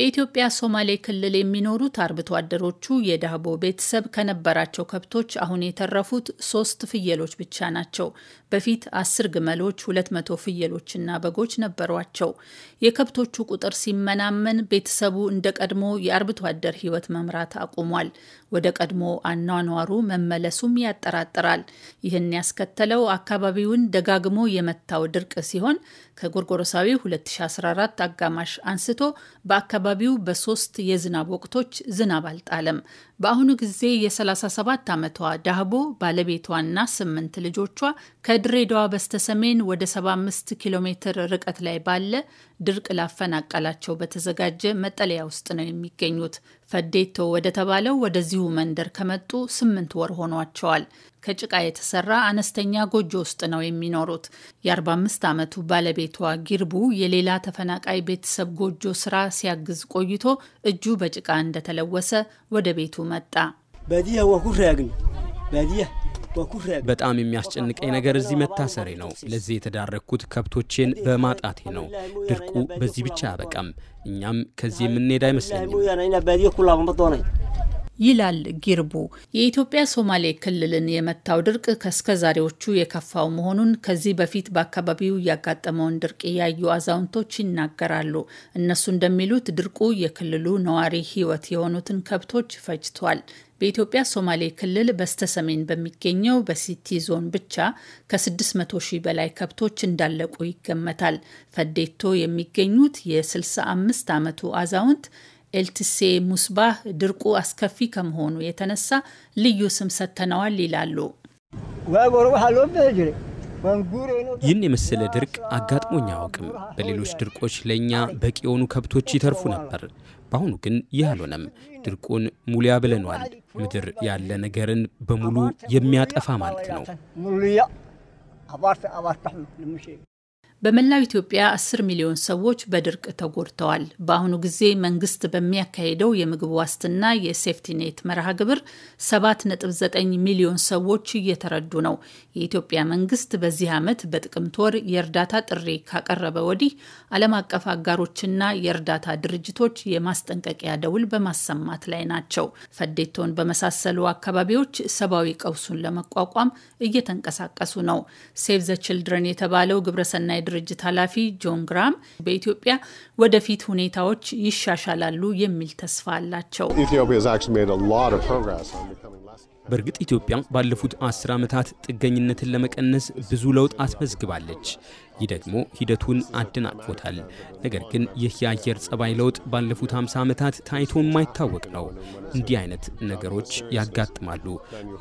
በኢትዮጵያ ሶማሌ ክልል የሚኖሩት አርብቶ አደሮቹ የዳህቦ ቤተሰብ ከነበራቸው ከብቶች አሁን የተረፉት ሶስት ፍየሎች ብቻ ናቸው። በፊት አስር ግመሎች፣ ሁለት መቶ ፍየሎችና በጎች ነበሯቸው። የከብቶቹ ቁጥር ሲመናመን ቤተሰቡ እንደ ቀድሞ የአርብቶ አደር ሕይወት መምራት አቁሟል። ወደ ቀድሞ አኗኗሩ መመለሱም ያጠራጥራል። ይህን ያስከተለው አካባቢውን ደጋግሞ የመታው ድርቅ ሲሆን ከጎርጎሮሳዊ 2014 አጋማሽ አንስቶ በአካባቢ በአካባቢው በሶስት የዝናብ ወቅቶች ዝናብ አልጣለም። በአሁኑ ጊዜ የ37 ዓመቷ ዳህቦ ባለቤቷና ስምንት ልጆቿ ከድሬዳዋ በስተሰሜን ወደ 75 ኪሎ ሜትር ርቀት ላይ ባለ ድርቅ ላፈናቀላቸው በተዘጋጀ መጠለያ ውስጥ ነው የሚገኙት። ፈዴቶ ወደ ተባለው ወደዚሁ መንደር ከመጡ ስምንት ወር ሆኗቸዋል። ከጭቃ የተሰራ አነስተኛ ጎጆ ውስጥ ነው የሚኖሩት። የ45 ዓመቱ ባለቤቷ ጊርቡ የሌላ ተፈናቃይ ቤተሰብ ጎጆ ስራ ሲያግዝ ቆይቶ እጁ በጭቃ እንደተለወሰ ወደ ቤቱ መጣ። በዲህ ወኩር ያግኝ በዲህ በጣም የሚያስጨንቀኝ ነገር እዚህ መታሰሬ ነው። ለዚህ የተዳረግኩት ከብቶቼን በማጣቴ ነው። ድርቁ በዚህ ብቻ አያበቃም። እኛም ከዚህ የምንሄድ አይመስለኝም። ይላል ጊርቡ። የኢትዮጵያ ሶማሌ ክልልን የመታው ድርቅ ዛሬዎቹ የከፋው መሆኑን ከዚህ በፊት በአካባቢው ያጋጠመውን ድርቅ ያዩ አዛውንቶች ይናገራሉ። እነሱ እንደሚሉት ድርቁ የክልሉ ነዋሪ ሕይወት የሆኑትን ከብቶች ፈጅቷል። በኢትዮጵያ ሶማሌ ክልል በስተሰሜን በሚገኘው በሲቲ ዞን ብቻ ከ600 ሺህ በላይ ከብቶች እንዳለቁ ይገመታል። ፈዴቶ የሚገኙት የ65 ዓመቱ አዛውንት ኤልትሴ ሙስባህ ድርቁ አስከፊ ከመሆኑ የተነሳ ልዩ ስም ሰጥተነዋል ይላሉ። ይህን የመሰለ ድርቅ አጋጥሞኝ አያውቅም። በሌሎች ድርቆች ለእኛ በቂ የሆኑ ከብቶች ይተርፉ ነበር። በአሁኑ ግን ይህ አልሆነም። ድርቁን ሙሉያ ብለኗል። ምድር ያለ ነገርን በሙሉ የሚያጠፋ ማለት ነው። በመላው ኢትዮጵያ 10 ሚሊዮን ሰዎች በድርቅ ተጎድተዋል። በአሁኑ ጊዜ መንግስት በሚያካሄደው የምግብ ዋስትና የሴፍቲኔት መርሃ ግብር 7.9 ሚሊዮን ሰዎች እየተረዱ ነው። የኢትዮጵያ መንግስት በዚህ ዓመት በጥቅምት ወር የእርዳታ ጥሪ ካቀረበ ወዲህ ዓለም አቀፍ አጋሮችና የእርዳታ ድርጅቶች የማስጠንቀቂያ ደውል በማሰማት ላይ ናቸው። ፈዴቶን በመሳሰሉ አካባቢዎች ሰብአዊ ቀውሱን ለመቋቋም እየተንቀሳቀሱ ነው። ሴቭ ዘ ችልድረን የተባለው ግብረሰናይ ድርጅት ኃላፊ ጆን ግራም በኢትዮጵያ ወደፊት ሁኔታዎች ይሻሻላሉ የሚል ተስፋ አላቸው። በእርግጥ ኢትዮጵያ ባለፉት አስር ዓመታት ጥገኝነትን ለመቀነስ ብዙ ለውጥ አስመዝግባለች። ይህ ደግሞ ሂደቱን አደናቅፎታል። ነገር ግን ይህ የአየር ጸባይ ለውጥ ባለፉት 50 ዓመታት ታይቶ የማይታወቅ ነው። እንዲህ አይነት ነገሮች ያጋጥማሉ።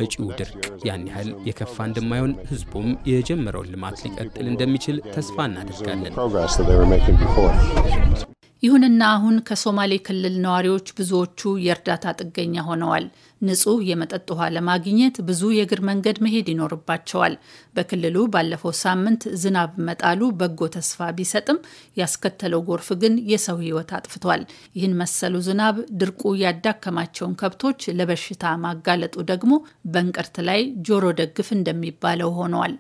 መጪው ድርቅ ያን ያህል የከፋ እንደማይሆን ህዝቡም የጀመረውን ልማት ሊቀጥል እንደሚችል ተስፋ እናደርጋለን። ይሁንና አሁን ከሶማሌ ክልል ነዋሪዎች ብዙዎቹ የእርዳታ ጥገኛ ሆነዋል። ንጹህ የመጠጥ ውሃ ለማግኘት ብዙ የእግር መንገድ መሄድ ይኖርባቸዋል። በክልሉ ባለፈው ሳምንት ዝናብ መጣሉ በጎ ተስፋ ቢሰጥም ያስከተለው ጎርፍ ግን የሰው ሕይወት አጥፍቷል። ይህን መሰሉ ዝናብ ድርቁ ያዳከማቸውን ከብቶች ለበሽታ ማጋለጡ ደግሞ በእንቅርት ላይ ጆሮ ደግፍ እንደሚባለው ሆነዋል።